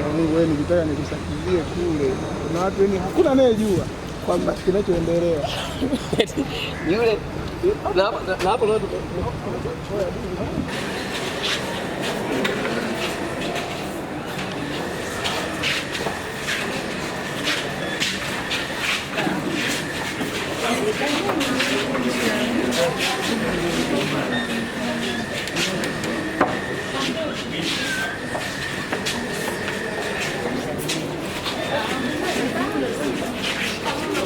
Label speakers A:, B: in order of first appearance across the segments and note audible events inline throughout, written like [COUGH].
A: cha Mungu, wewe nikitaka nikusakizie kule, na watu wengi hakuna anayejua kwamba kinachoendelea [LAUGHS] yule na hapo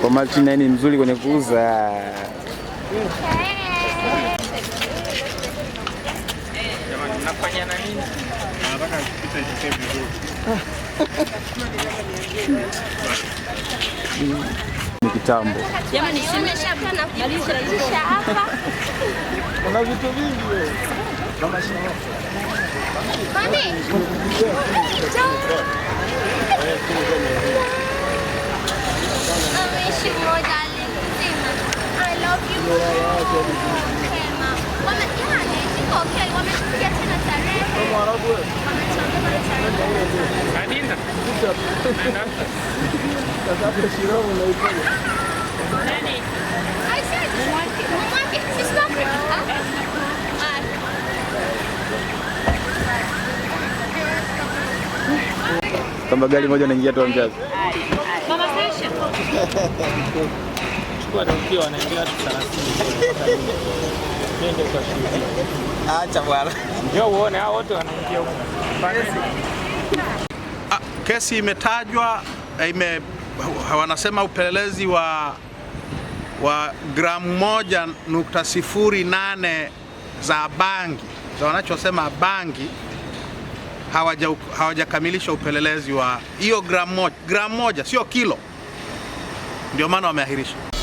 A: kwa maana China ni mzuri kwenye kuuza. Ni kitambo vitu vingi wewe. Wametupiga tena tarehe. Kama gari moja naingia tu mjazi. [LAUGHS] wanaingia watu Acha bwana. Njoo uone hao wote wanaingia huko. Ah, kesi imetajwa eh, ime, wanasema upelelezi wa, wa gramu moja nukta sifuri nane za bangi za wanachosema bangi hawajakamilisha hawaja upelelezi wa hiyo gramu moja, gramu moja sio kilo, ndio maana wameahirisha.